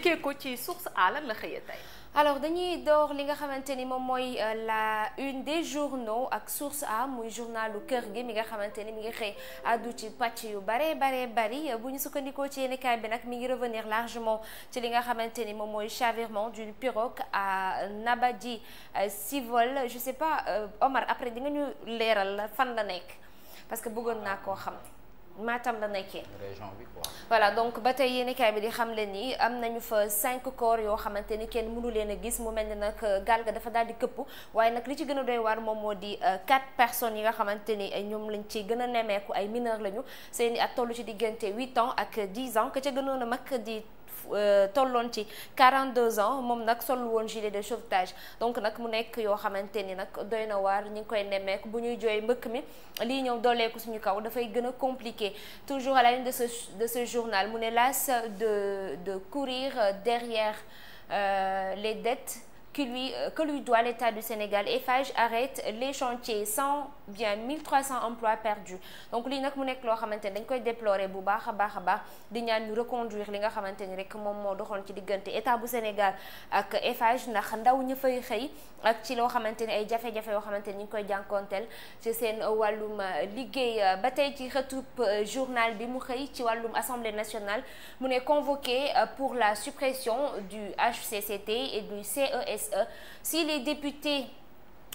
njëkkee ko ci source A lan la xëyee tey. alors dañuy door li nga xamante ni moom mooy euh, la une des journaux ak source A muy journalu kër gi mi nga xamante ni mi ngi xëy addu ci pàcc yu bare bare bari bu ñu sukkandikoo ci yéenekaay bi nag mi ngi revenir largement ci li nga xamante ni moom mooy chavirement d'une pirogue à Nabadji Civol euh, je sais pas euh, Omar après di ñu leeral la fan la nekk parce que bëggoon naa koo xam. maatam la nekkee. région voilà donc ba tey yéenekaay bi di xam leen ni am nañu fa cinq corps yoo xamante ni kenn mënu leen a gis mu mel ni nag euh, gaal ga dafa daal di këpp waaye nag li ci gën a doy waar moom moo di euh, quatre personnes yoo xamante ni euh, ñoom lañ ci gën a nemmeeku ay mineurs lañu seen i at toll ci diggante huit ans ak dix ans que ca gënoon a mag di. Euh, tolloon ci 42 ans moom nag sol woon gilet de sauvetage donc nag mu nekk yoo xamante ni nag doy na waar ñu ngi koy nemmeek bu ñuy jooy mbëkk mi lii ñëw dooleeku suñu kaw dafay gën a compliqué toujours à la une de ce de ce journal mu ne las de de courir derrière euh, les dettes qui lui euh, que lui doit l'État du Sénégal Eiffage arrête les chantiers sans bien 1300 emplois perdus donc lii nag mu nekk loo xamante ni dañ koy déplorer bu baax a baax a baax di ñaan ñu reconduire li nga xamante ni rek moom moo doxoon ci diggante état bu Sénégal ak Eiffage ndax ndaw ña fay xëy ak ci loo xamante ni ay jafe-jafe yoo xamante ni ñu koy jànkonteel ci seen wàllum euh, liggéey ba tey ci xëtub euh, journal bi mu xëy ci wàllum assemblée nationale mu ne convoqué euh, pour la suppression du HCCT et du CESE e. si les députés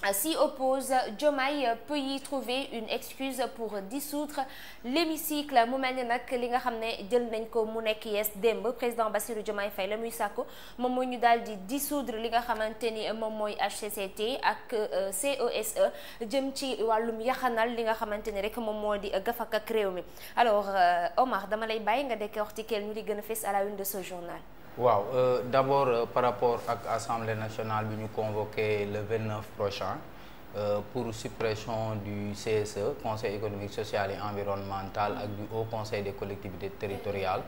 Ah, si oppose jomay peut y trouver une excuse pour dissoudre l'hémicycle mu mel ni nag li nga xam ne jël nañ ko mu nekk yees démb président Bassirou Diomaye fay la muy sàkku moom mooy ñu daal di dissoudre li nga xamante ni moom mooy HCCT ak euh, CESE jëm ci wàllum yaxanal li nga xamante ni rek moom moo di gafak ak réew mi alors euh, Omar dama lay bàyyi nga décortiquer ñu li gën a fës à la une de ce journal waaw euh, d' abord euh, par rapport ak assemblée nationale bi ñu convoqué le 29 prochain euh, pour supression du CSE conseil économique social et environnemental ak du haut conseil des collectivités territoriales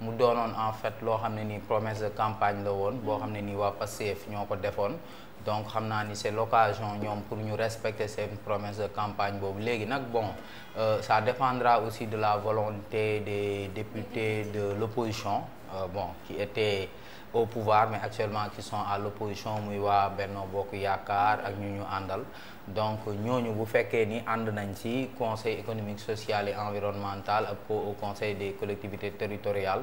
mu doonoon en fait loo xam ne nii promesse de campagne la woon boo xam ne nii waa Pastef ñoo ko defoon donc xam naa ni c'est l'occasion ñoom pour ñu respecte seen promesse de campagne boobu léegi nag bon euh, ça dépendra aussi de la volonté des députés de l'opposition Euh, bon qui étaient au pouvoir mais actuellement qui son à l'opposition muy waa Benno Bokk Yaakaar ak ñu ñu àndal donc ñooñu bu fekkee ni ànd nañ ci conseil économique social et environnemental ak au conseil des collectivités territoriales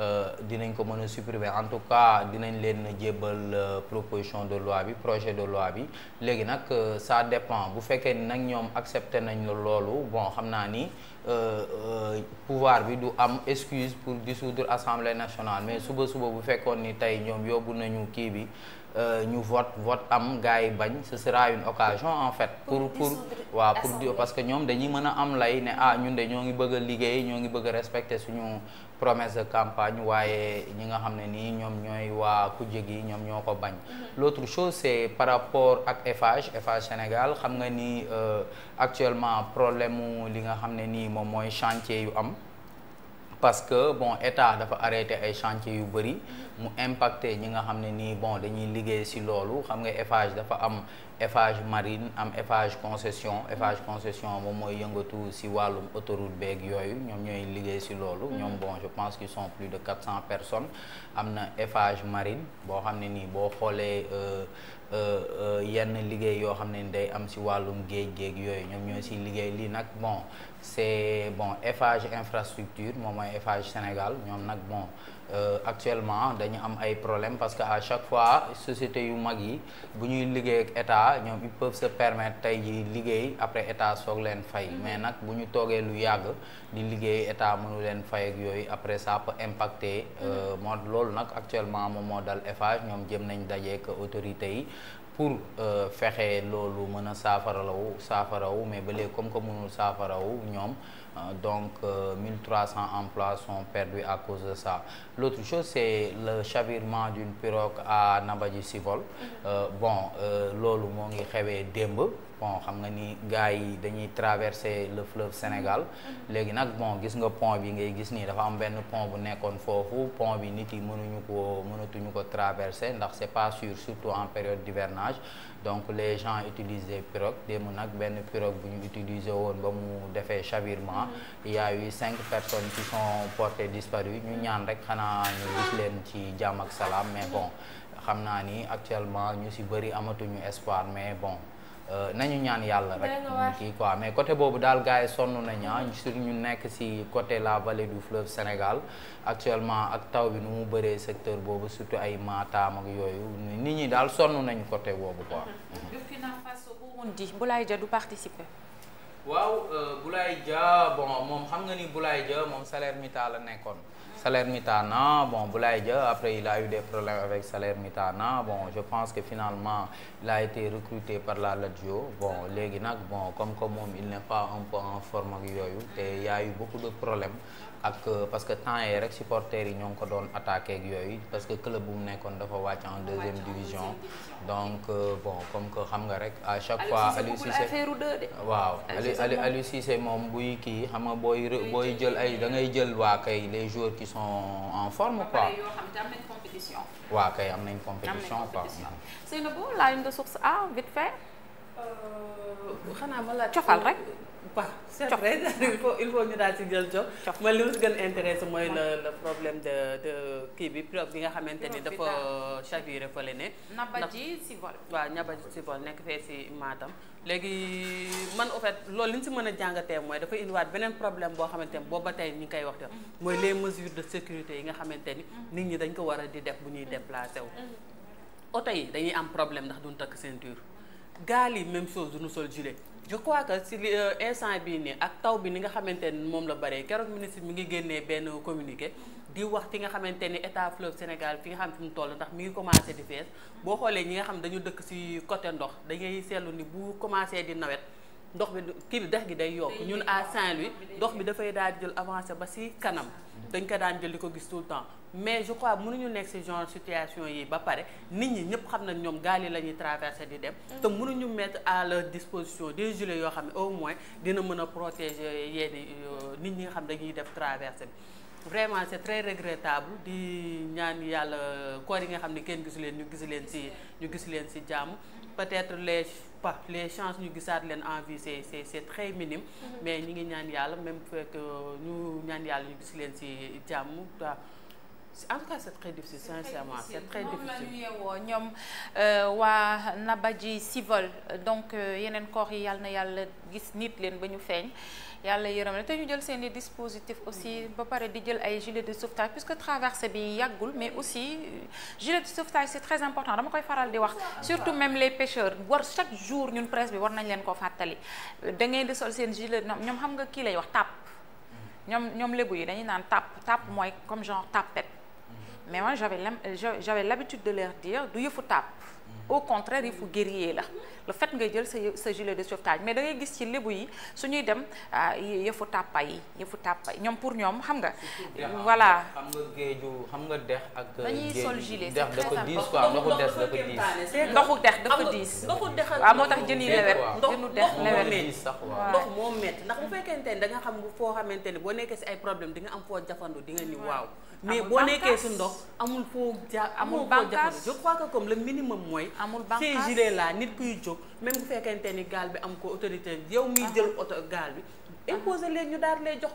euh, dinañ ko mën a supprimer en tout cas dinañ leen jébbal euh, proposition de loi bi projet de loi bi léegi nag ça dépend bu fekkee nag ñoom accepté nañ loolu bon xam naa ni Euh, euh, pouvoir bi du am excuse pour dissoudre assemblée nationale mais suba suba bu fekkoon ni tey ñoom yóbbu nañu kii bi euh, ñu vote vote am gars yi bañ ce sera une occasion en fait pour pour waa pour parce que ñoom dañuy mën a am lay ne ah ñun de ñoo ngi bëgg a liggéey ñoo ngi bëgg a respecter suñu promesse de campagne waaye ñi nga xam ne nii ñoom ñooy waa ku kujje gi ñoom ñoo ko bañ mhm. l'autre chose c'est par rapport ak Eiffage Eiffage Sénégal xam nga ni euh, actuellement problème mu li nga xam ne nii moom mooy chantier yu am parce que bon état dafa arrêté ay chantier yu bëri mu impacté ñi nga xam ne nii bon dañuy liggéey si loolu xam nga Eiffage dafa am Eiffage marine am Eiffage concession Eiffage concession moom mooy yëngatu si wàllum autoroute beeg yooyu ñoom ñooy liggéey si loolu mm-hmm. ñoom bon je pense qu'ils sont plus de quatre cents personnes am na Eiffage marine boo xam ne nii boo xoolee euh, Euh, euh, yenn liggéey yoo xam ne day am si wàllum géej géej yooyu ñoom ñoo si liggéey lii nag bon c'est bon Eiffage infrastructure moom mooy Eiffage Sénégal ñoom nag bon Euh, actuellement dañu am ay problème parce que à chaque fois société yu mag yi bu ñuy liggéey ak état ñoom ils peuvent se permettre tey ji liggéey après état soog leen fay mm-hmm. mais nag bu ñu toogee lu yàgg di liggéey état mënu leen fay ak yooyu après ça peut impacter euh, mm-hmm. moo loolu nag actuellement moom moo dal Eiffage ñoom jëm nañ dajeek autorité yi pour euh, fexe loolu mën a saafarawu saafarawu mais ba léegi comme que mënul saafarawu ñoom euh, donc 1300 euh, emplois sont perdus à cause de ça l'autre chose c'est le chavirement d'une pirogue à Nabadji Civol mm-hmm. bon loolu moo ngi xewee démb pont xam nga ni gars yi dañuy traverser le fleuve Sénégal mm-hmm. léegi nag bon gis nga pont bi ngay gis nii dafa am benn pont bu nekkoon foofu pont bi nit yi mënuñu ko mënatuñu ko traversé ndax c'est pas sûr surtout en période d'hivernage donc les gens utilisent des pirogues nag benn pirogue bu ñu utiliser woon ba mu defee chavirement mm-hmm. il y a eu cinq personnes qui sont portées disparues ñu ñaan rek xanaa ñu gis leen ci jàmm ak salaam mais bon xam naa ni actuellement ñu ci bari amatuñu espoir mais bon Euh, nañu ñaan yàlla rek kii quoi mais côté boobu daal gars yi sonn nañu ah, sur ñu nekk si côté la vallée du fleuve Sénégal actuellement ak taw bi nu mu bëree secteur boobu surtout ay Matam ak yooyu nit ñi daal sonn nañu côté boobu quoi. Burkina mhm. Faso Burundi Boulaye Dia du participer. waaw euh, Boulaye Dia bon moom xam nga ni Boulaye Dia moom Salernitana la nekkoon. Salernitana, bon, Boulaïdia, après il a eu des problèmes avec Salernitana. Bon, je pense que finalement, il a été recruté par la Lazio. Bon, les Guinac, bon, comme comme il n'est pas un peu en forme, y a eu beaucoup de problèmes. ak euh, parce que temps yi rek supporters yi ñoo ngi ko doon attaque yooyu parce que club bu mu nekkoon dafa wàcc en deuxième division donc euh, bon comme que xam nga rek à chaque fois Aliou Cissé waaw Aliou Aliou Cissé moom buy kii xam nga booy booy jël ay da ngay jël waa kay les jours qui sont en forme quoi waaw kay am nañ compétition quoi Seynabou la une de source A vite fait Euh, xanaa ma laaj cofal rek. waaw c' est vrai il faut ñu daal ci jël jox. cof man li gën intéressé mooy le le problème de kii bi pirogue bi nga xamante ni dafa chaviré fale ne. Naba ji si vol. waaw Naba ji si vol nekk fee si maatam léegi man en fait loolu li si mën a jàngatee mooy dafa indiwaat beneen problème boo xamante ni booba tey ñu ngi koy wax te mm. mooy les mesure de sécurité yi nga xamante ni. Mm. nit ñi dañ ko war a di def bu ñuy déplacé wu. Mm. oto yi dañuy am problème ndax duñ takk ceinture. gaal yi même chose du nu sol gilet je crois que si li euh, instant bii nii ak taw bi ni nga xamante ni moom la bare keroog ministre mi ngi génnee benn communiqué di wax fi nga xamante ni état fleuve Sénégal fi nga xam fi mu toll ndax mi ngi commencé di fees boo xoolee ñi nga xam dañu dëkk ci côté ndox dañuy seetlu ni bu commencé di nawet ndox bi kii bi gi day yokk ñun à Saint-Louis ndox bi dafay daal di jël avancé ba ci kanam dañ ko daan jël di ko gis tout temps mais je crois munuñu nekk ci genre situation yi ba pare nit ñi ñëpp xam nañ ñoom gaal yi la ñuy traversé di dem. Mm. te mënuñu mettre à leur disposition des gilets yoo xam ne au moins dina mën a protéger yenn euh, nit ñi nga xam dañuy def traversé bi. vraiment c'est très regrettable di ñaan yàlla koor yi nga xam ne kenn gisu leen ñu gis leen ci ñu gis leen ci jàmm. peut-être les pas les chances ñu gisaat leen en vie c'est c'est c'est très minime. Mm-hmm. mais ñi ngi ñaan yàlla même fekk euh, ñu ñaan yàlla ñu gis leen ci jàmm waaw. en tout cas c'est très difficile sincèrement c'est très difficile ñoom la ñu yeewoo ñoom euh, waa donc euh, yeneen koor yi yàlla na yàlla gis nit leen ba ñu feeñ. yàlla yaram la te ñu jël seen i dispositif aussi ba pare di jël ay gilet de sauvetage puisque traversée bi yàggul mais aussi euh, gilet de sauvetage c'est très important dama koy faral di wax surtout même les pêcheurs war chaque jour ñun presse bi war nañ leen ko fàttali da ngeen di sol seen gilet ñoom xam nga kii lay wax tàpp ñoom ñoom lébu yi dañuy naan tàpp tàpp mooy comme genre tàppet mais moi j'avais j'avais l'habitude de leur dire du yëfu tàpp au contraire il faut guerrier la le fait ngay jël sa sa gilet de sauvetage mais dangay gis ci lébu yi su ñuy dem ah, yëfu tàppa yi yëfu tàppa yi ñoom pour ñoom xam nga. voilà xam nga géeju xam nga dex ak. dañuy sol gilet dex dafa diis quoi ndoxu dex dafa diis. ndoxu dex dafa ah, diis. ndoxu dex waaw moo tax jën yi lewet. jënu dex lewet sax waaw ndox moom métti ndax bu fekkente ne da nga xam foo xamante ne boo nekkee si ay problème di am foo jafandu di nga ni waaw mais boo nekkee su ndox amul foo ja amul foo jafe je crois que comme le minimum mooy amul ces gilets là nit kuy jóg même bu fekkente ni gaal bi am ko autorité yow miy jël oto gaal bi Ah. imposer leen ñu daal lay jox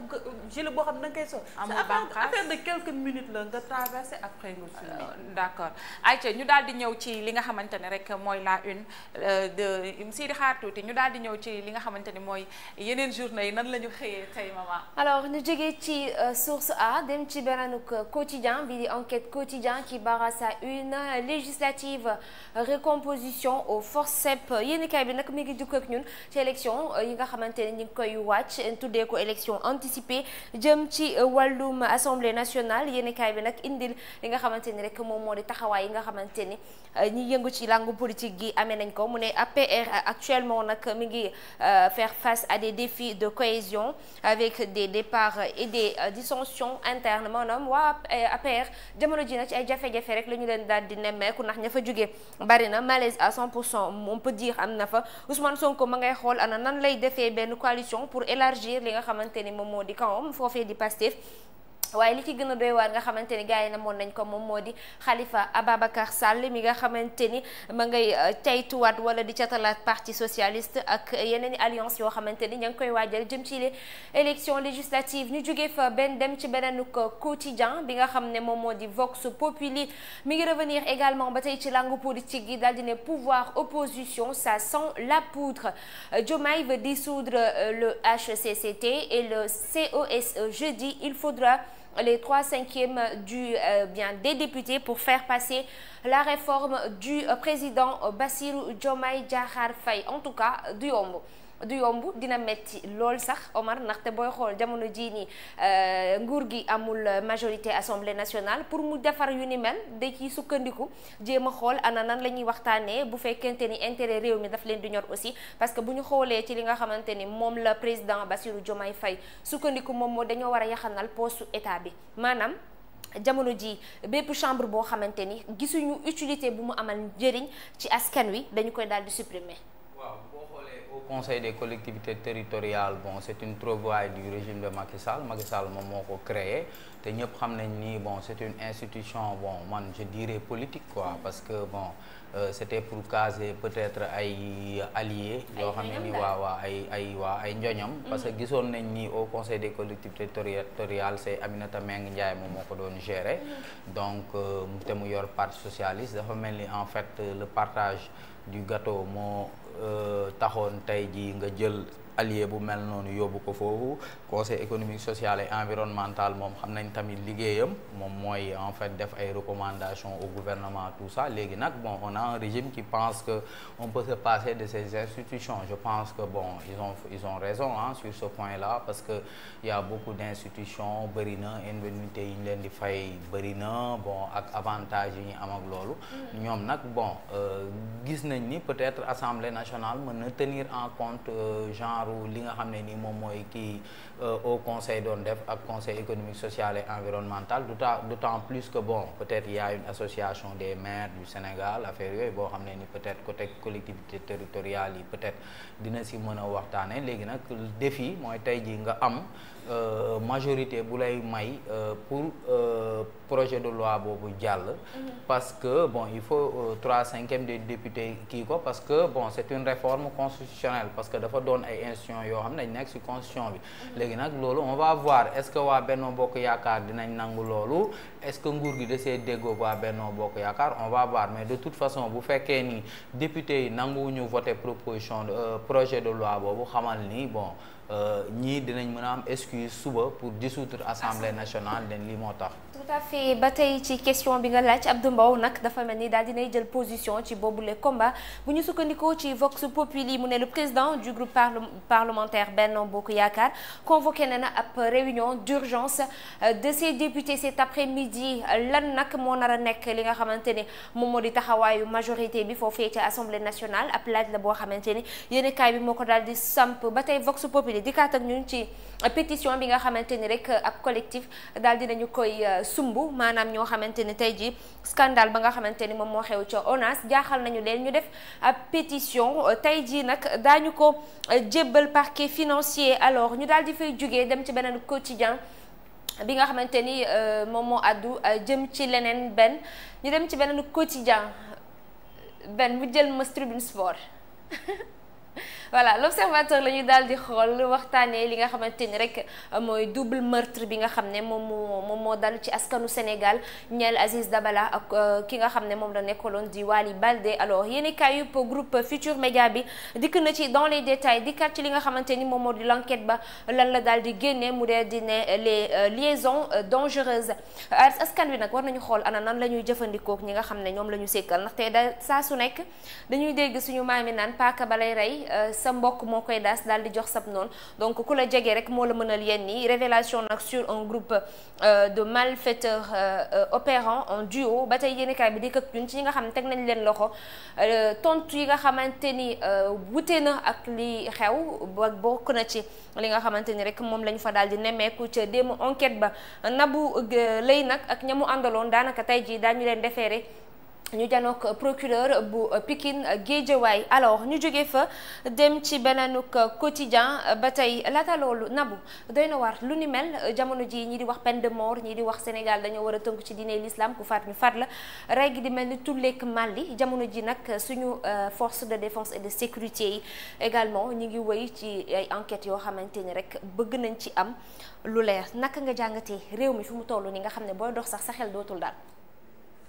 gilet boo xam ne da sol. amul affaire de quelques minutes la nga traversé après nga fii. Euh, d' accord ñu daal di ñëw ci li nga xamante ne rek mooy la une euh, de Sidi xaar tuuti ñu daal di ñëw ci li nga xamante ne mooy yeneen journée yi nan la ñu xëyee tey maman. alors ñu jógee ci euh, source A dem ci beneen quotidien bi di enquête quotidien qui barra sa une législative recomposition au forceps yéen i kaay bi nag mi ngi dugg ak ñun ci élection yi nga xamante ne ñu ngi koy wàcc tuddee ko élection anticipée jëm ci euh, wàllum assemblée nationale yéeni bi nag indil li nga xamante ni rek moom moo di taxawaay yi nga xamante ni euh, ñi yëngu ci langue politique gi amee nañ ko mu ne APR euh, actuellement nag mi ngi faire face à des défis de cohésion avec des départs et des dissensions internes maanaam waa APR jamono ji nag ci ay jafe-jafe rek leen daal di nemmeeku ndax ña fa jógee bari na malaise à on peut dire am na fa Ousmane Sonko ma ngay élargir li nga xamante ni moom moo di kawam foofee di Pastef waaye li ci gën a doy waar nga xamante ni gars yi na moon nañ ko moom moo di Khalifa Ababacar Sall mi nga xamante ni ma ngay euh, caytuwaat wala di catalaat parti socialiste ak yeneen i alliance yoo xamante ni ña ngi koy waajal jëm ci les élections législatives ñu jógee fa benn dem ci beneen quotidien bi nga xam ne moom moo di Vox Populi mi ngi revenir également ba tey ci langue politique gi daal di ne pouvoir opposition ça sent la poudre Diomaye veut dissoudre euh, le HCCT et le COSE jeudi il faudra les trois cinquièmes du, euh, bien, des députés pour faire passer la réforme du euh, président Bassirou Diomaye Diakhar Faye en tout cas du yomb du yomb dina metti lool sax Omar ndaxte booy xool jamono jii nii euh, nguur gi amul majorité assemblée nationale pour mu defar yu ni mel da ciy sukkandiku jéem a xool ana nan la ñuy waxtaanee bu fekkente ni intérêt réew mi daf leen di ñor aussi parce que bu ñu xoolee ci li nga xamante ni moom la président Bassirou Diomaye fay sukkandiku moom moo dañoo war a yaxanal poostu état bi maanaam. jamono jii bépp chambre boo xamante ni gisuñu utilité bu mu amal njëriñ ci askan wi dañu koy daal di supprimer conseil des collectivités territoriales bon c' est une trouvaille du régime de Macky Sall Macky Sall moom ko créé te ñëpp xam nañ ni bon c' est une institution bon man je dirais politique quoi parce que bon Euh, c'était pour caser peut-être ay alliés yoo xam ne ni waa ay ay waa ay njoñam mm-hmm. parce que gisoon nañ ni au conseil des collectivités territoriales c'est Aminata Meng Ndiaye moom moo ko doon gérer mm-hmm. donc euh, te mu yor parti socialiste dafa mel ni en fait euh, le partage du gâteau moo taxoon tey ji nga jël allié bu mel noonu yóbbu ko foofu conseil économique social et environnemental moom xam nañ tamit liggéeyam moom mooy en fait def ay recommandations au gouvernement tout ça léegi nag bon on a un régime qui pense que on peut se passer de ces institutions je pense que bon ils ont ils ont raison ah sur ce point là parce que il y a beaucoup d'institutions bëri na indemnité yi leen di fay bëri na bon ak avantage yi ñu am ak loolu mm. ñoom bon euh, gis nañ ni peut-être assemblée nationale mën na tenir en compte euh, genre li nga xam ne nii moom mooy kii euh, au conseil doon def ak conseil économique social et environnemental d'autant d'autant plus que bon peut-être il y a une association des maires du Sénégal affaire yooyu boo xam ne ni peut-être côté collectivité territoriale yi peut-être dina si mën a waxtaane léegi nag défi mooy tey ji nga am euh, majorité bu lay may euh, pour projet de loi boobu jàll mm-hmm. parce que il faut trois cinquièmes des députés kii ko parce que c'est une réforme constitutionnelle gestion yoo xam ne dañ nekk si constitution bi léegi nag loolu on va voir est que waa Benno Bokk Yaakaar dinañ nangu loolu est-ce que nguur gi desee déggoo waa Benno Bokk Yaakaar on va voir mais de toute façon bu fekkee ni député yi nanguwuñu voter proposition euh, projet de loi boobu xamal ni bon euh, ñii dinañ mën a am excuse suba pour dissoudre assemblée nationale den lii moo tax tout ba tey ci question bi nga laaj Abdou Mbow nag dafa mel ni daal dinay jël position ci boobu boobule combat bu ñu sukkandikoo ci Vox Populi mu ne le président du groupe parlementaire Benno Bokk Yaakaar convoqué na na ab réunion d'urgence euh, de ses députés cet après-midi lan nag moo nar a nekk li nga xamante ne moom moo di taxawaayu majorité bi foofee ci assemblée nationale ab laaj la boo xamante ne yéen kaay bi moo ko daal di samp ba tey Vox Populi di ak ñun ci euh, pétition bi nga xamante ni rek euh, ab collectif daal dinañu koy. sumb maanaam ñoo xamante ni tey jii scandale ba nga xamante ni moom moo xew ca ONAS jaaxal nañu leen ñu def ab pétition tey jii nag daañu ko jébbal parquet financier alors ñu daal di fay jugee dem ci beneen quotidien bi nga xamante ni euh, moom moo àddu euh, jëm ci leneen benn ñu dem ci beneen quotidien benn mu jël mas tribune sport voilà l'observateur la ñuy daal di xool waxtaanee li nga xamante ni rek euh, mooy double meurtre bi nga xam ne moom moo moom moo dal ci askanu Sénégal ñeel Aziz bala ak euh, ki nga xam ne moom la nekkaloon di Wali Baldé alors yéen kaayub groupe Futur Média bi dikk na ci dans les détails dikkaat ci li nga xamante ni moom moo di l'enquête ba lan la daal di génne mu dee di ne les euh, liaisons dangereuses askan wi nag war nañu xool ana nan la ñuy jëfandikoo ñi nga xam ne ñoom la ñu sekkal ndaxte da saa su nekk dañuy dégg suñu maami naan paaka balay rey sa mbokk moo koy daas daal di jox sab noon donc ku la jege rek moo la mënal yenn nii révélation nag su un groupe euh, de mal malfaiteurs euh, euh, opérant en duo ba tey yéenekaay bi di këk ñun ci ñi nga xam ne teg nañ leen loxo tontu yi nga xamante ni wute na ak li xew ba bokk na ci li nga xamante ni rek moom la ñu fa daal di nemmeeku ca démb enquête ba na bu lay nag ak ñamu àndaloon daanaka tey jii daañu leen defeere ñu janook procureur bu pikin Guédiawaye alors ñu jóge fa dem ci beneenuk quotidien ba tey laata loolu nabu doy na war lu ni mel jamono ji ñi di wax peine de mort ñi di wax Sénégal dañoo war a tënk ci diine l'islam ku faat ñu faat la rey gi di mel ni tulleek màlli jamono ji nag suñu euh, force de défense et de sécurité yi également ñi ngi woy ci ay enquêtes yoo xamante ni rek bëgg nañ ci am lu leer naka nga jàngatee réew mi fi mu toll ni nga xam ne booy dox sax sa dootul daal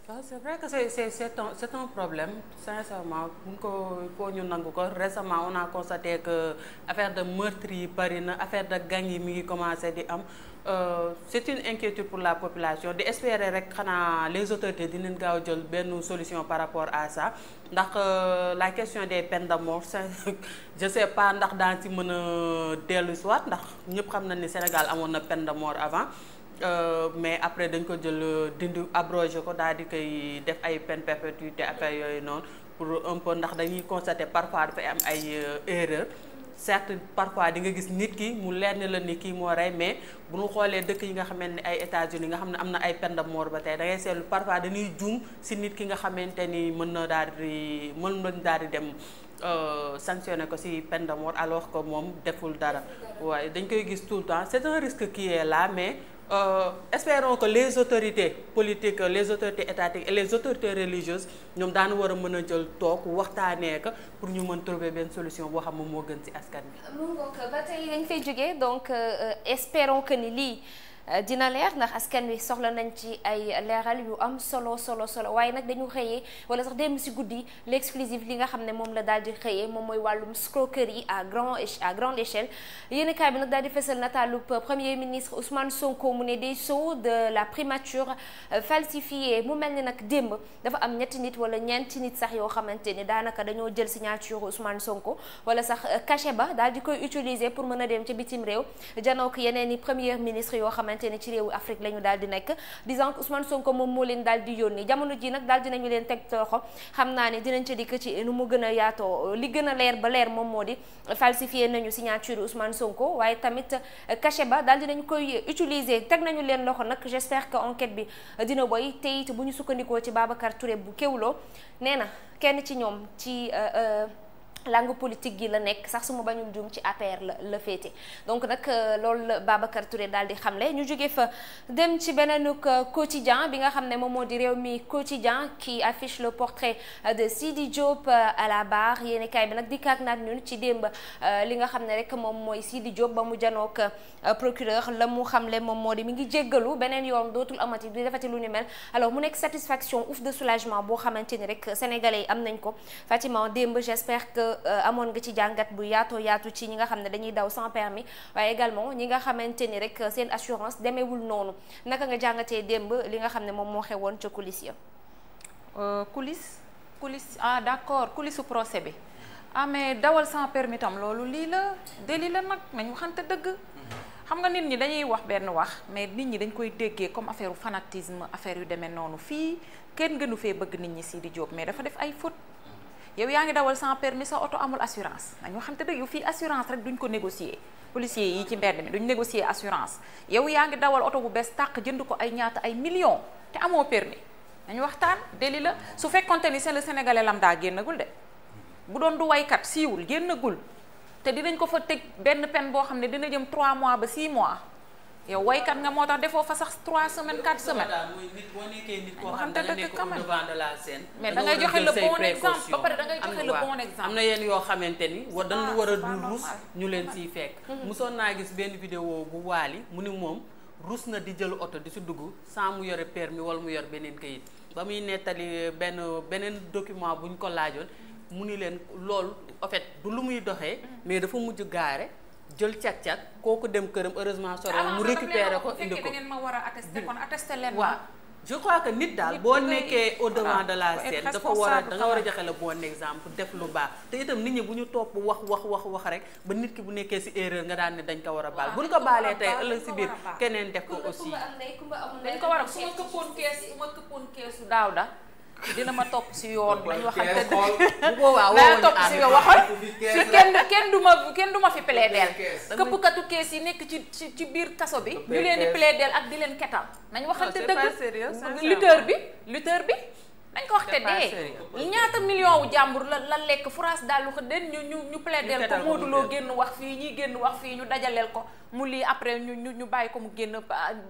waaw ah, c'est vrai que c'est c'est c'est un problème sincèrement buñ ko koo ñu nangu ko récemment on a constaté que affaire de meurtre yi bari na affaire de gang yi mi ngi commencé di am euh, c'est une inquiétude pour la population di espérer rek xanaa les autorités dinañ gaaw jël benn solution par rapport à sa ndax euh, la question des peines de mort je sais pas ndax daan ci mën a dellu si waat ndax ñëpp xam na ni Sénégal amoon na peine de mort avant. Euh, mais après dañ ko jël euh, dindi abrogé ko daal di koy def ay peine perpétuité affaire yooyu noonu pour un peu ndax dañuy constater parfois dafay am ay euh, erreur certes parfois di nga gis nit ki mu leer ne la ni kii moo rey mais bu ñu xoolee dëkk yi nga xamante ni ay États-Unis nga xam ne am na ay peine de mort ba tey da ngay seetlu parfois dañuy juum si nit ki nga xamante ni mën na daal di mën na daal di dem euh, sanctionné ko si peine de mort alors ko moom deful dara waaye dañ koy gis tout le temps c'est un risque qui mais. Euh, espérons que les autorités politiques les autorités étatiques les autorités religieuses ñoom daan war a mën a jël toog waxtaanee ko pour ñu mën trouver benn solution boo xam moom moo gën ci askan bi. mu ngoog ba tey dañ fay jógee donc euh, euh, espérons que ni lii. Euh, dina leer ndax askan wi soxla nañ ci ay leeral yu am solo solo solo waaye nag dañu xëyee wala sax démb si guddi l'exclusive li nga xam ne moom la daal di xëyee moom mooy wàllum escroquerie à grand à grande échelle yéenekaay bi nag daal di fesal nataalub premier ministre Ousmane Sonko mu ne des sceaux de la primature euh, falsifiée mu mel ni nag démb dafa am ñetti nit wala ñeenti nit sax yoo xamante ni daanaka dañoo jël signature Ousmane Sonko wala sax euh, cachet ba daal di koy utiliser pour mën a dem ca bitim réew yeneen i premier ministre yoo xamante xamante ne ci réewu Afrique la ñu daal di nekk disant que Ousmane Sonko moom moo leen daal di yónni jamono ji nag daal dinañu leen teg loxo xam naa ne dinañ ca dikk ci nu mu gën a yaatoo li gën a leer ba leer moom moo di falsifié nañu signature Ousmane Sonko waaye tamit cachet ba daal dinañ koy utiliser teg nañu leen loxo nag j'espère que enquête bi dina boy te it bu ñu sukkandikoo ci Babacar Touré bu Kewloo nee na kenn ci ñoom ci euh, euh, langue politique gi la nekk sax su ma bañul jum ci APR la féete donc nag euh, loolu la Babacar Touré daal di xamle ñu jóge fa dem ci beneenuk euh, quotidien bi nga xam ne moom moo di réew mi quotidien qui affiche le portrait euh, de Sidi Diop à la barre yéeni kaay bi nag di kaak naat ñun ci démb li nga xam ne rek moom mooy di Diop ba mu janook procureur la mu xamle moom moo di mi ngi jéggalu beneen yoon dootul amati di defati lu ni mel alors mu nekk satisfaction ouf de soulagement boo xamante ni rek sénégalais yi am nañ ko Fatima démb j'espère que Euh, amoon nga ci jàngat bu yaatoo yaatu ci ñi nga xam ne dañuy daw sans permis waaye également ñi nga xamante ni rek seen assurance demeewul noonu naka nga jàngatee démb li nga xam ne moom moo xewoon ca coulisse ya euh, coulisse coulisse ah d'accord coulisse su procès bi ah mais dawal sans permis tam loolu lii la délit la nag nañu waxante dëgg xam nga nit ñi dañuy wax benn wax mais nit ñi dañ koy déggee comme affaire fanatisme affaire yu demee noonu fii kenn gënu fee bëgg nit ñi Sidi Diop mais dafa def ay fautes yow yaa ngi dawal sans permis sa oto amul assurance nañu waxante dëgg yow fii assurance rek duñ ko négocier policier yi ci mbedd mi duñ négocier assurance yow yaa ngi dawal oto bu bees tàq jënd ko ay ñaata ay millions te amoo permis nañu waxtaan déli la su fekkonte ni c'est le sénégalais lambda génnagul de bu doon du waykat siiwul génnagul te dinañ ko fa tëj benn peine boo xam ne dina jëm trois mois ba 6 mois. yow waykat nga moo tax defoo fa sax trois semaines 4 semaines. mooy nit boo nekkee de la scène. mais da ngay joxe le bon exemple ba pare da joxe le bon exemple. am na yenn yoo xamante ni wa dañu war a dul ruus ñu leen siy fekk. mosoon naa gis benn vidéo bu waali mu ni moom ruus na di jël oto di si dugg sans mu yore permis wala mu yore beneen kayit ba muy nettali benn beneen document bu ñu ko laajoon mu ni leen loolu en fait du lu muy doxee mm. mais dafa mujj gaare. jël cat-cat kooku dem këram heureusement sore ah, mu récupérer ko indi ko ma war a attester kon attester leen waaw je crois que nit daal boo nekkee au devant de la scène a nga war a joxe la bon exemple def lu baax te itam nit ñi bu ñu topp wax wax wax wax rek ba nit ki bu nekkee ci erreur nga daan ne dañ ko war a baal buñ ko baalee tey ëllëg ci biir keneen def ko aussi dañ ko war a su ma këppoon kees su ma daaw da dina ma topp si yoon lañu waxante dëgg naa topp si nga waxal fi kenn kenn du ma kenn du ma fi plaideel këppkatu kees yi nekk ci ci biir kaso bi ñu leen di plaideel ak di leen ketal nañ waxante dëgg lutteur bi lutteur bi nañ ko waxte dee ñaata million wu jàmbur la la lekk France daal lu ko den ñu ñu ñu plaideel ko Modou duloo génn wax fii ñuy génn wax fii ñu dajaleel ko mu lii après ñu ñu ñu bàyyi ko mu génn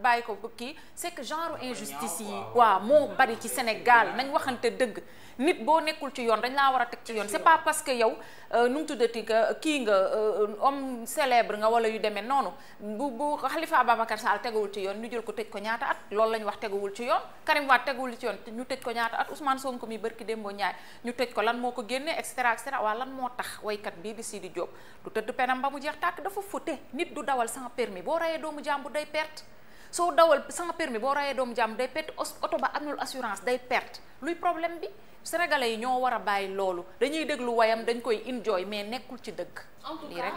bàyyi ko kii c'est que genre injustice yi waaw moo bari ci Sénégal nañ waxante dëgg nit boo nekkul ci yoon dañ laa war a teg ci yoon c'est pas parce que yow euh, nu mu tuddati nga kii nga euh, homme célèbre wala yu demee noonu bu bu Khalifa Ababacar Sall teguwul ci yoon ñu jël ko tëj ko ñaata at loolu lañu wax teguwul ci yoon Karim Wade teguwul ci yoon ñu tëj ko ñaata at Ousmane Sonko mi barki Dembo Ndiaye ñu tëj ko lan moo ko génnee et cetera waa lan moo tax waykat bii di Sidi Diop du tëdd penam ba mu jeex tàkk dafa fute nit du dawal sans permis boo rayee doomu jàmbur day perte soo dawal sans permi boo rayee doomu jàmbur day perte oto ba amul assurance day perte luy problème bi sénégalais yi ñoo war a bàyyi loolu dañuy déglu wayam dañ koy enjoy mais nekkul ci dëgg. lii rek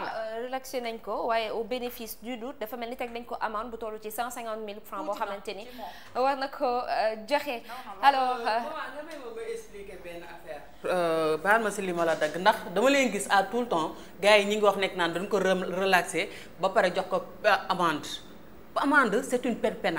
la euh, nañ ko waaye au bénéfice du doute dafa mel ni teg dañ ko amende bu toll ci cent cinquante mille francs boo xamante ni war na ko euh, joxe. alors euh, baal ma si li ma la dagg ndax dama leen gis à tout le temps gars yi ñi ngi wax nekk naan dañ ko relaxé ba pare jox ko amende amande c'est une peine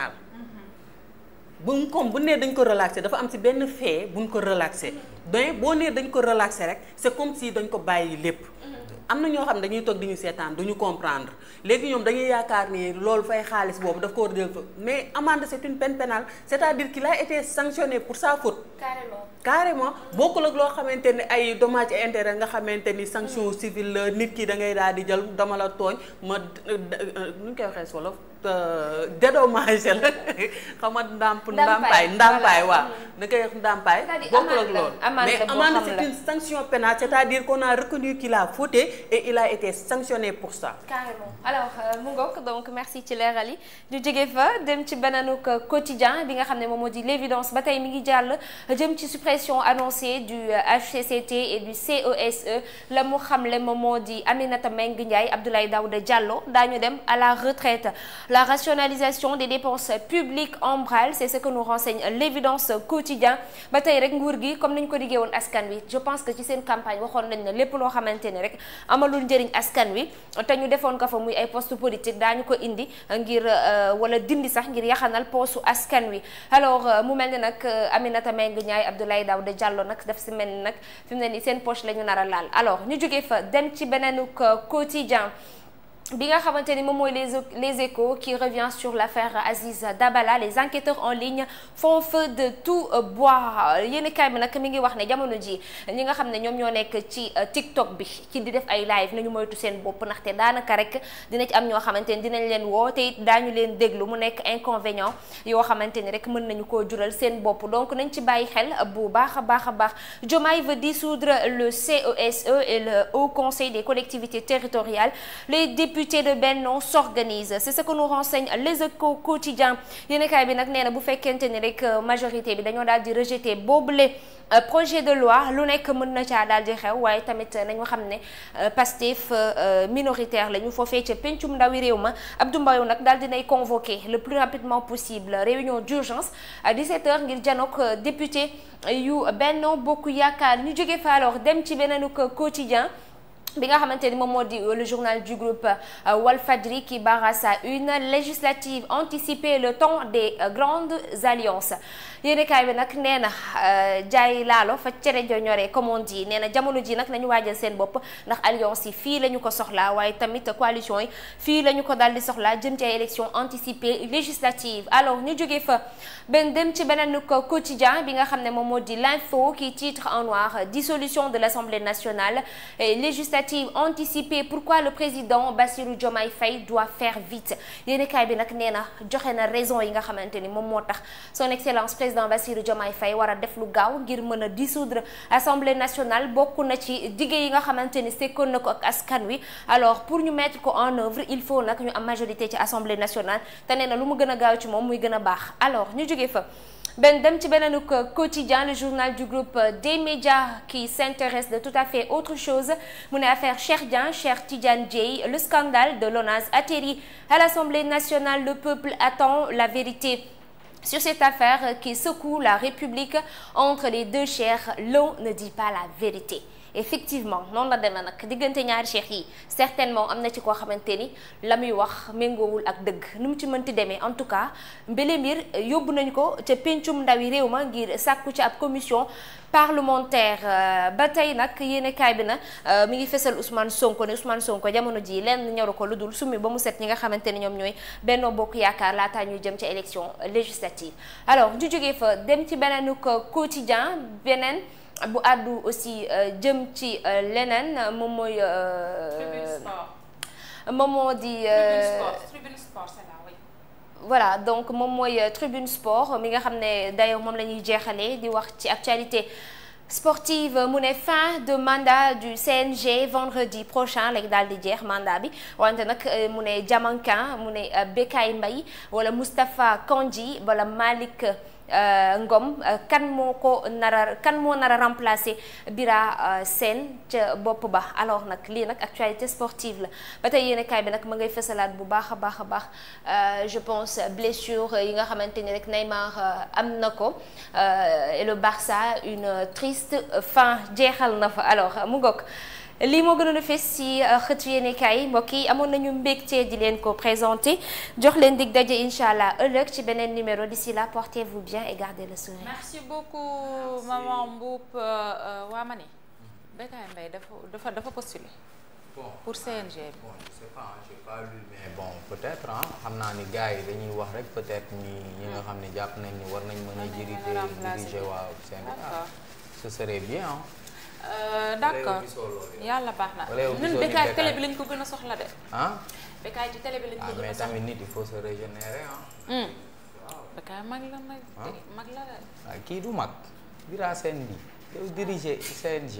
bu comme bu nee dañ ko relaxé dafa am si benn fee buñ ko relaxé donc boo nee dañ ko relaxé rek c'est comme si dañ ko bàyyi lépp. Mm-hmm. am na ñoo xam ne dañuy toog di ñu seetaan du ñu comprendre léegi ñoom dañuy yaakaar ni loolu fay xaalis boobu daf ko war a mais amande c'est une peine pénale cest à ki qu'il a été sanctionné pour sa faute. carrément carrément bokkul ak loo xamante ni ay dommages et nga xamante ni sanction mm-hmm. civile la nit ki da ngay daal di jël dama la tooñ ma euh, euh, nu koy waxee wolof dédommagé la xam nga ndàmp ndàmpaay ndàmpaay waaw na koy wax ndàmpaay bokkul ak loolu mais amende a reconnu a fauté et il a été pour ça carrément euh, mu ngook donc merci ci leeral yi ñu jóge fa dem ci beneenuk euh, quotidien bi nga xam ne moom moo di l'évidence ba tey mi ngi jàll jëm ci suppression annoncée du HCCT euh, et du CESE la mu xamle moom moo di Aminata Mbengue Ndiaye Abdoulaye Daouda Diallo daañu dem à la retraite La rationalisation de dépenses publiques en branle c'est ce que nous renseigne l'évidence quotidien ba tey rek nguur gi comme nañ ko diggee woon askan wi je pense que ci seen campagne waxoon nañ ne lépp loo xamante ne rek amalul njëriñ askan wi te ñu defoon ko fa muy ay poste politique daañu ko indi ngir euh, wala dindi sax ngir yaxanal poosu askan wi alors euh, mu mel ne nag euh, Aminata Mbengue Ndiaye Abdoulaye Daouda Diallo nag daf si mel ni nag fi mu ne ni seen poche la ñu nar a laal alors ñu jógee fa dem ci beneenuk quotidien bi nga xamante ni moom mooy les les échos qui revient sur l'affaire Aziz Dabala les enquêteurs en ligne font feu de tout bois yéen kaay bi nag mi ngi wax ne jamono ji ñi nga xam ne ñoom ñoo nekk ci euh, TikTok bi ci di def ay live nañu moytu seen bopp ndaxte daanaka rek dina ci am ñoo xamante ni dinañ leen woo te it daañu leen déglu mu nekk inconvénient yoo xamante ni rek mën nañu koo jural seen bopp donc nañ ci bàyyi xel bu baax a baax a baax Diomaye veut dissoudre le CESE e le Haut Conseil des collectivités territoriales les députés députés de Benno s'organisent c'est ce que nous renseigne les échos quotidiens yéenekaay bi nag nee na bu fekkente ni rek euh, majorité bi dañoo daal di rejeter boobule euh, projet de loi lu nekk mën na caa daal di xew waaye tamit nañu xam ne euh, Pastef minoritaire la ñu foofee ca pencum ndawi réew ma Abdou Mbaye nag daal dinay convoqué le plus rapidement possible réunion d'urgence à 17h ngir janook député yu Benno Bokk Yaakaar ñu jóge fa alors dem ci beneen quotidien bi nga xamante ne moom moo di euh, le journal du groupe euh, Walfadri qui barrasse à une législative anticipée le temps des euh, grandes alliances yéenekaay bi nag nee na jaay laalo fa cere joo ñoree comme on dit nee na jamono ji nag nañu waajal seen bopp ndax alliance yi fii la ñu ko soxlaa waaye tamit coalition yi fii la ñu ko daal di soxlaa jëm ci ay élection anticipée législative alors ñu jógee fa benn dem ci beneen quotidien bi nga xam ne moom moo di l'info qui titre en noir dissolution de l'Assemblée nationale législative législatives anticipées pourquoi le président Bassirou Diomaye Faye doit faire vite yéenekaay bi nag nee na joxe na raison yi nga xamante ni moom moo tax son excellence président Bassirou Diomaye Faye war a def lu gaaw ngir mën a dissoudre assemblée nationale bokk na ci dige yi nga xamante ni sekkoon na ko ak askan wi alors pour ñu mettre ko en œuvre il faut nag ñu am majorité ci assemblée nationale te nee na lu mu gën a gaaw ci moom muy gën a baax alors ñu jógee fa benn dem ci beneen euh, quotidien le journal du groupe euh, des médias qui s'intéresse de tout à fait autre chose mu ne affaire Cheikh Dieng Cheikh Tidiane Dièye le scandale de l'ONAS atterrit à l'Assemblée nationale le peuple attend la vérité sur cette affaire qui secoue la République entre les deux chairs l'on ne dit pas la vérité effectivement noonu la demee nag diggante ñaari cheikh yi certainement am na ci koo xamante ni la muy wax méngoowul ak dëgg nu mu ci mënti demee en tout cas mbele mbir eh, yóbbu nañ ko ca péncum ndawi réew ma ngir sàkku ci ab commission parlementaire eh, ba tey nag yéene kaay bi na eh, mu ngi fesal Ousmane Sonko ne Ousmane Sonko jamono ji lenn ñoru ko lu dul summi ba mu set ñi nga xamante ni ñoom ñooy Benno Bokk Yaakaar laataa ñuy jëm ca élection législative alors ñu jógee fa dem ci beneen quotidien beneen bu àddu aussi euh, jëm ci euh, leneen moom mooy. Euh, moom moo di. voilà donc moom mooy tribune sport mi nga xam ne d'ailleurs moom la ñuy jeexalee di wax ci actualité sportive mu ne fin de mandat du CNG vendredi prochain léegi daal di jeex mandat bi wante nag mu ne Diamanka mu ne Bekay mbay wala Moustapha Kandji wala Malick. Euh, Ngom euh, kan moo ko nara kan moo nara remplacer Bira euh, seen ca bopp ba alors nag lii nag actualité sportive la ba tey yéen kaay bi nag mu ngay fësalaat bu baax a baax a baax je pense blessure yi nga xamante ni rek Neymar am na ko et le Barça une triste fin jeexal na fa alors mu ngoog lii moo gënoon a fes si euh, xëtu yéenekaay yi mbokk yi amoon nañu mbégte di leen ko présenté jox leen dig daje incha allah ëllëg ci beneen numéro d'ici là portez-vous bien et gardez le sourire. merci beaucoup maman Mboup euh, euh, waa ma ne Bécaye Mbaye dafa dafa postuler. pour CNG bi. mais bon peut-être xam naa ni gars dañuy wax rek peut-être ñi nga xam ne jàpp nañ ni war nañ mën a. diriger diriger waaw seen. ce serait bien ah. Euh, d'accord yàlla baax na ñun Bécaye télé bi lañ ko gën a soxla de. ah Bécaye ci télé bi lañ ko ah, a soxla. Hmm. mag la mag ah? la de. waaw ah, kii du mag. Bira Sène bi yow diriger CNG.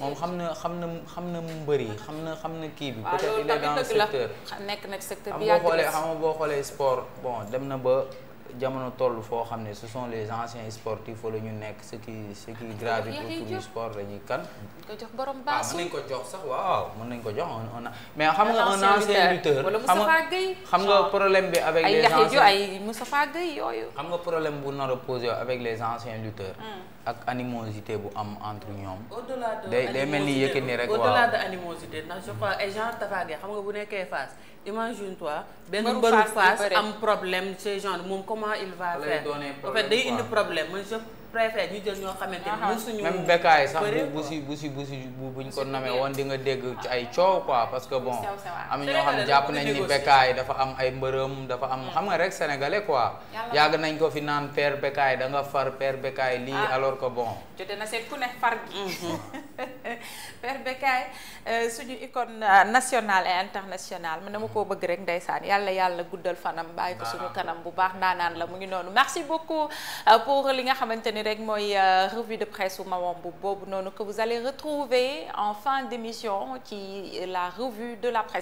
moom xam na xam na xam na mbër yi xam na xam na kii bi. peut-être il est secteur. nekk na ci secteur boo xoolee xam nga boo xoolee sport bon dem na ba. jamono toll foo xam ne ce sont les anciens sportifs wala ñu nekk ce qui ce qui gravite autour du sport dañuy kan. ko jox borom ah, baasu waaw nañ ko jox sax waaw ah, mën nañ ko jox on mais xam nga un ancien lutteur wala Moustapha Gueye xam nga problème bi avec les anciens ay Moustapha Gueye yooyu. nga problème bu nar a posé avec les anciens lutteurs. Hmm. ak animosité bu am entre ñoom. day day mel ni Yékini rek waaw au de animosité ndax je crois ay genre Tafaguère xam nga bu nekkee face imagine toi benn mbëru face am problème ce genre moom comment il va faire day indi problème man je. préfère ñu jël ñoo xamante ni bekkaay sax bu si bu bu buñ ko namee woon di nga dégg ay coow quoi parce que bon am ñoo xam ne jàpp nañ ni bekkaay dafa am ay mbërëm dafa am hmm. xam nga rek sénégalais quoi yàgg nañ ko fi naan per bekkaay da far père bekkaay lii ah. alors que bon jote na seen ku ne far gi hmm. père bekkaay euh, suñu icône euh, nationale et internationale man dama koo bëgg rek ndeysaan yàlla yàlla guddal fanam bàyyi ko suñu kanam bu baax ndaanaan la mu ngi noonu merci beaucoup euh, pour li nga xamante ni rek mooy euh, revue de presse u Maman Mboup boobu noonu que vous allez retrouver en fin d'émission ci la revue de la presse